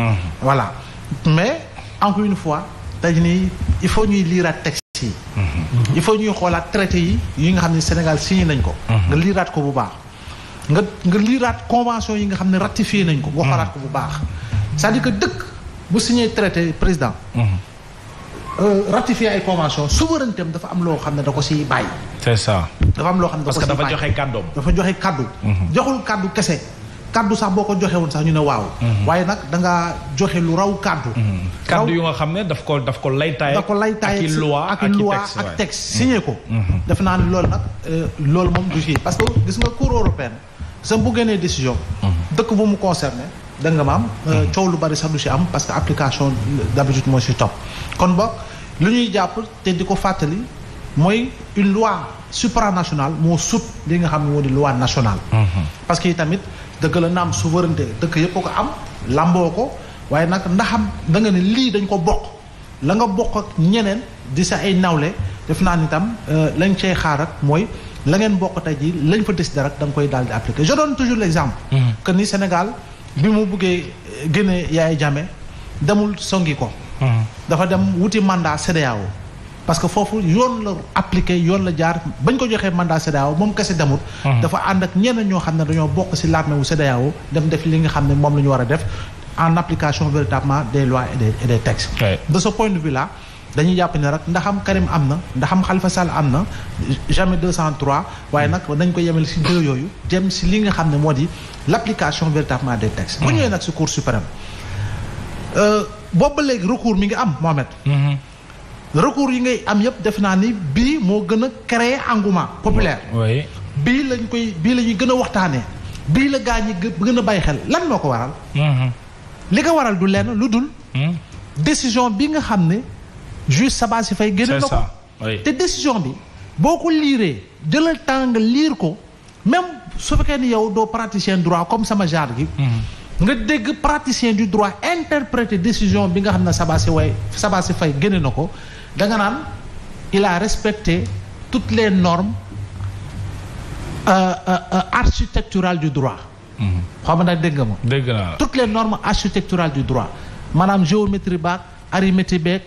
Mm-hmm. voilà mais encore une fois dañu ni il faut ñuy liiraat texte yi. Mm-hmm. il faut ñuy xoolaat traité yi yi nga xam ne Sénégal signé nañ ko. Mm-hmm. nga liiraat ko bu baax. nga nga liiraat convention yi nga xam ne ratifié nañ ko. waxalaat ko bu baax. sa à dire dëkk bu signé traité président. Euh, ratifié ay convention souveraineté am dafa am loo xam ne da ko siy bàyyi. c'est ça. dafa am loo xam ne da ko siy bàyyi parce que dafa joxe kàddoom. dafa joxe kàddu. joxul kàddu kese. kaddu sax boo ko joxewul sax ñu ne waaw. Mhm. waaye nag da ngaa joxe lu raw kaddu. Mhm. raw kaddu yu nga xam ne daf ko daf ko laytaay. daf ko laytaay ak loi ak loi ak texte ko. Mhm. def naa ne loolu nag euh, loolu moom parce que gis nga cour européenne sa bu génnee décision. dëkk bu mu concerné da nga maam. Euh, coow lu bari sax du si am parce que application d'habitude moo si topp. kon ba lu ñuy jàpp te di ko fàttali mooy une loi supranationale moo sut li nga xam ne moo di loi nationale. parce que tamit. dëgg la naam souveraineté dëkk yëpp ko am làmboo ko waaye nag ndaxam da nga lii dañ ko bokk la nga bokk ak ñeneen di sa ay nawle def naa ni tam euh, lañ cay xaar ak mooy la ngeen bokk tey jii lañ fa décider ak da koy daal di appliquer je donne toujours l' exemple. Mm-hmm. que ni Sénégal bi mu buggee génne Yaya Jammeh demul songi ko. Mm-hmm. dafa dem wuti mandat CEDEAO parce que foofu yoon la appliqué yoon la jaar bañ ko joxee mandat CEDEAO moom kese demul. dafa ànd ak ñeneen ñoo xam ne dañoo bokk ci l'armée wu CEDEAO dem def li nga xam ne moom la ñu war a def en application véritablement des lois et des et des textes. de ce point de vue là dañuy jàpp ne rek ndaxam Karim am na ndaxam Khalifa Sall am na jamais 203 waaye mmh. nag nañ ko yemal ci deux yooyu jëm ci li nga xam ne moo di l'application véritablement des textes. Mmh. bu ñëwee nag ci Cour suprême euh, boobu ba léegi recours mi ngi am Mohamed. Mmh. recours yi ngay am yëpp def naa ni bii moo gën a créer engouement populaire. oui bii lañ koy bii la ñuy gën a waxtaanee. bii la gaa ñi gën a bàyyi xel lan moo ko waral. Mm-hmm. li ko waral du lenn lu dul. Mm-hmm. décision bi nga xam ne juge Sabassy fay génne na ko te décision bi boo ko liiree jëlal temps nga liir ko même su fekkee ni yow doo praticien droit comme sama genre gi. Mm-hmm. nga dégg praticien du droit interpréter décision bi nga xam ne Sabassy Faye Sabassy Faye génne na ko danga naan il a respecté toutes les normes euh, euh, euh architecturales du droit. xaw ma nag dégg nga ma. dégg naa les normes architecturales du droit maanaam géométrie baak arithmétique beeg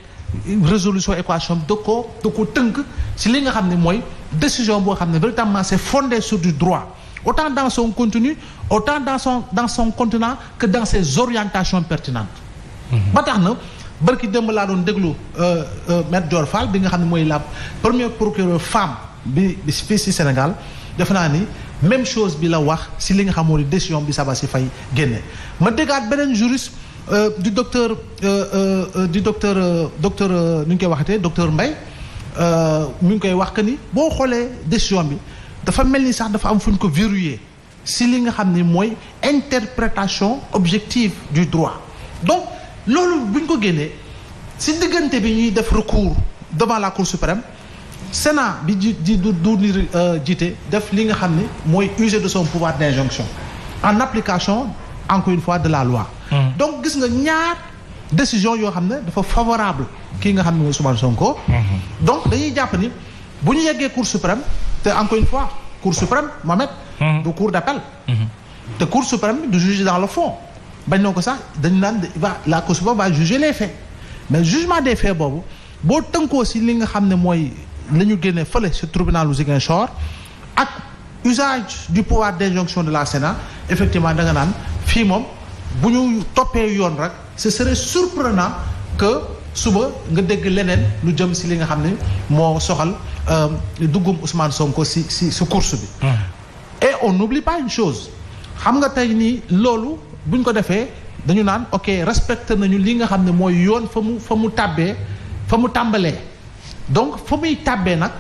résolution équation da koo da koo tënk si li nga xam ne mooy décision boo xam ne véritablement c'est fondé sur du droit. autant dans son contenu autant dans son dans son contenant que dans ses orientations pertinentes. Mhm. ba tax na barki démb laa doon déglu euh, euh, maître Dior Fall bi nga xam ne mooy la première procureure femme bi bi fii si Sénégal def naa ni même chose bi la wax si li nga xam moo di décision bi si fay génne ma déggaat beneen juriste euh, du docteur du docteur docteur nu ñu koy waxatee docteur Mbaye mu ngi koy wax que ni boo xoolee décision bi dafa mel ni sax dafa am fu ñu ko verrouillé si li nga xam ni mooy interprétation objective du droit loolu bu ñu ko génnee si diggante bi ñuy def recours devant la cour suprême Sénat bi ji di du du euh, jiite def li nga xam ne mooy user de son pouvoir d'injonction en application encore une fois de la loi. Hmm. donc gis nga ñaar décision yoo xam ne dafa favorable kii nga xam ne mooy Ousmane Sonko. Hmm. donc dañuy jàpp ni bu ñu yeggee cour suprême te encore une fois cour suprême Mohamed. Hmm. du cour d'appel. te cour suprême du juge dans le fond. bañ na ko sax dañu naan va la Cour suprême va juger les faits mais jugement des faits boobu boo tënkoo si li nga xam ne mooy la ñu génne fële si tribunalu Ziguinchor ak usage du pouvoir d'injonction de la Sénat effectivement danga naan fii moom bu ñu toppee yoon rek ce serait surprenant que suba nga dégg leneen lu jëm si li nga xam ne moo soxal euh, duggum Ousmane Sonko si si si course bi. et on n'oublie pas une chose xam nga tey nii loolu. buñ ko defee dañu naan ok respecté nañu li nga xam ne mooy yoon fa mu fa mu tàbbee fa mu tàmbalee donc fa muy tàbbee nag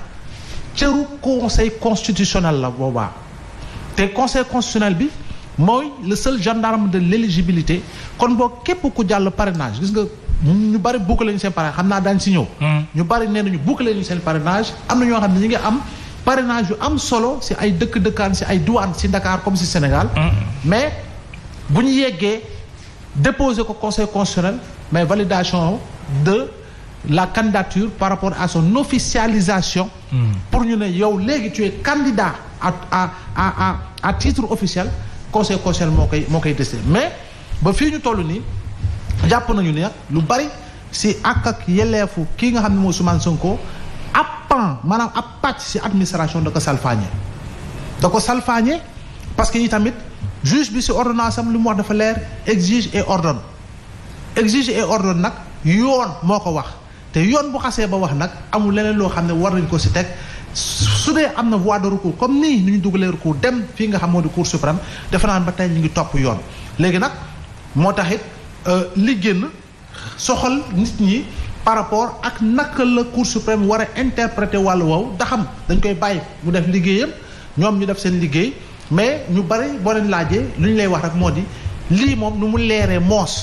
cëru conseil constitutionnel la boobaa te conseil constitutionnel bi mooy le seul gendarme de l'éligibilité kon boo képp ku jàll parrainage gis nga ñu bari boucler ñu seen parrainage xam naa daañu si ñëw. Hmm. ñu bari nee nañu boucler ñu seen parrainage am na ñoo xam ne ñu ngi am parrainage yu am solo si ay dëkk dëkkaan si ay douane si Dakar comme si Sénégal hmm. bu ñu yeggee déposer ko conseil constitutionnel mais validation de la candidature par rapport à son officialisation. Hmm. pour ñu ne yow léegi tu es candidat à à a à titre officiel conseil constitutionnel moo koy moo koy décidé mais ba fii ñu toll nii jàpp nañu ne lu bari si ak ak yelleefu kii nga xam ne mooy Ousmane Sonko ab pan maanaam ab pàcc si administration da ko salfaañe da ko salfaañe parce que juge bi si ordonnance am lu mu wax dafa leer exige et ordonne exige et ordonne nag yoon moo ko wax te yoon bu xasee ba wax nag amul leneen loo xam ne war nañ ko si teg su dee am na voie de recours comme nii ni ñu dugalee recours dem fii nga xamoo moo di cour suprême defe naan ba tey ñu ngi topp yoon léegi nag moo taxit euh, li génn soxal nit ñi par rapport ak naka la cour suprême war a interpréter wàllu wow da dañ koy bàyyi mu def liggéeyam ñoom ñu def seen liggéey mais ñu bari boo leen laajee lu ñu lay wax rek moo di lii moom nu mu leeree moos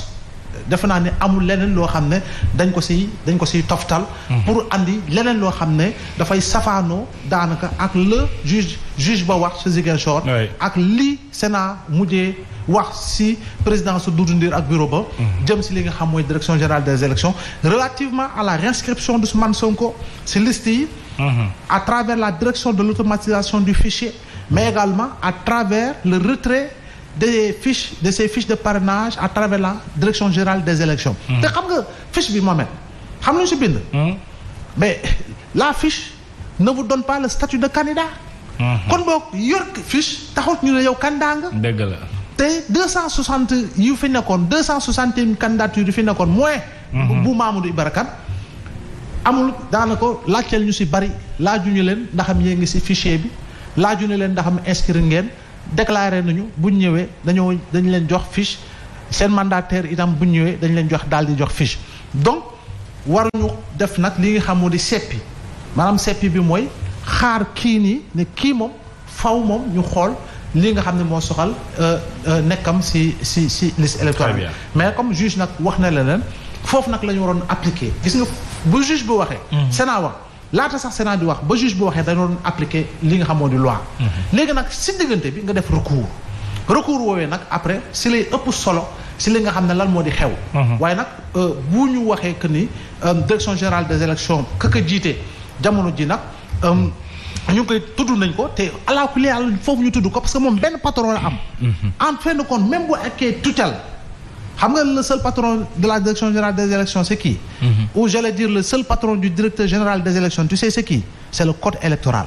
defe naa ne amul leneen loo xam ne dañ ko si dañ ko siy toftal. Mhm. pour andi leneen loo xam ne dafay safaanoo daanaka ak le juge juge ba wax si Ziguinchor. ak li Sénat mujjee wax si président su Doudou Ndir ak bureau ba. Mhm. jëm si li nga xam mooy direction générale des élections relativement à la réinscription d'Ousmane Sonko si liste yi. Mhm. à travers la direction de l'automatisation du mais également à travers le retrait des fiche de ces fiches de parrainage à travers la direction générale des élections hmm. te xam nga fiche bi moom xam lu ñu si bind hmm. mais la fiche na vous donne pas le statut de candidat hmm. kon boo yor fiche taxut ñu ne yow candidat nga dëgg la te deux cent soixante yu fi nekkoon deux cent soixante et une fi nekkoon moins bu Mamadou Ibra Kane amul daanaka laajteel ñu si bari laaju ñu leen ndaxam yee ngi si fichier bi laaju ne leen ndax am inscrire ngeen déclaré nañu bu ñu ñëwee dañoo dañ leen jox fiche seen mandataire itam bu ñëwee dañu leen jox daal jox fiche donc waruñu def nag li nga xam moo di seppi maanaam seppi bi mooy xaar kii nii ne kii moom faw moom ñu xool li nga xam ne moo soxal euh, euh, nekkam si si si liste électorale mais comme juge nag wax na la leen foofu nag la ñu waroon appliquer gis nga bu juge bu waxee mm-hmm. Sénat wax laata sax Sénat di wax ba juge bi waxee dañoo doon appliquer li nga xamoo di loi. Mhm. léegi nag si diggante bi nga def recours. recours woowee nag après si lay ëpp solo si li nga xam ne lan moo di xew. Mhm. waaye nag euh, bu ñu waxee que ni euh, direction générale des élections kaka jiite jamono ji nag. Euh, ñu ngi koy tudd nañ ko te alaakulli al foofu ñu tudd ko parce moom benn patron am. Mhm. en fin de compte même bu akkee tutelle. xam nga le seul patron de la direction générale des élections c'est qui mm -hmm. ou j'allais dire le seul patron du directeur général des élections c'est qui le code électoral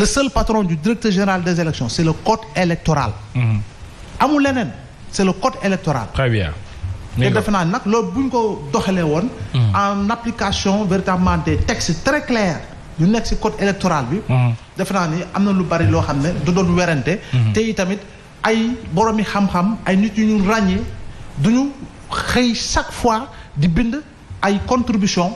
le seul patron du directeur général des élections c'est le code électoral mm-hmm. amul leneen c'est le code électoral te defe naa nag loolu bu ñu ko doxalee woon mm-hmm. en application véritablement des textes très clairs yu nekk ci code électoral bi mm-hmm. defe naa ni am na lu bari loo xam ne du doon werante ay boromi xam-xam ay nit yu ñu ràññee du ñu xëy chaque fois di bind ay contribution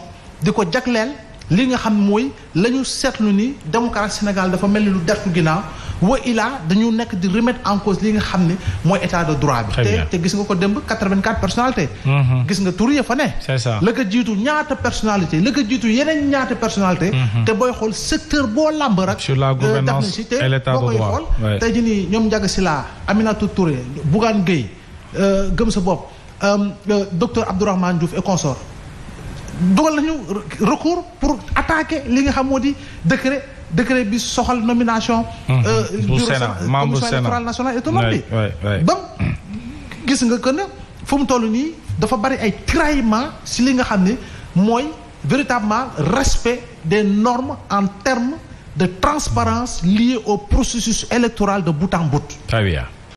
di ko jagleel li nga xam mooy la ñu seetlu ni démocratie Sénégal dafa mel ni lu dertu ginnaaw wa ilaa dañu nekk di remettre en cause li nga xam ne mooy état de droit bi. te te gis nga ko démb 84 personnalité. Mm-hmm. gis nga tur ya fa ne. c'est ça la ko jiitu ñaata personnalité la ko jiitu yeneen ñaata personnalité. Mm-hmm. te booy xool secteur boo làmb rek. sur la euh, gouvernance boo koy xool tey jii nii ñoom Ndiaga Sylla Aminata Touré Bougane Gueye euh, Gëm sa bopp euh, docteur Abdourahmane Diouf et consort dugal nañu recours pour attaquer li nga xam moo di décret. décret bi soxal nomination. bu mmh. euh, mmh. Sénat membre Sénat commission électorale nationale et tout gis nga que ne fu mu toll nii dafa bari ay tiraillement si li nga xam ni mooy véritablement respect des normes en termes de transparence liées au processus électoral de bout en bout.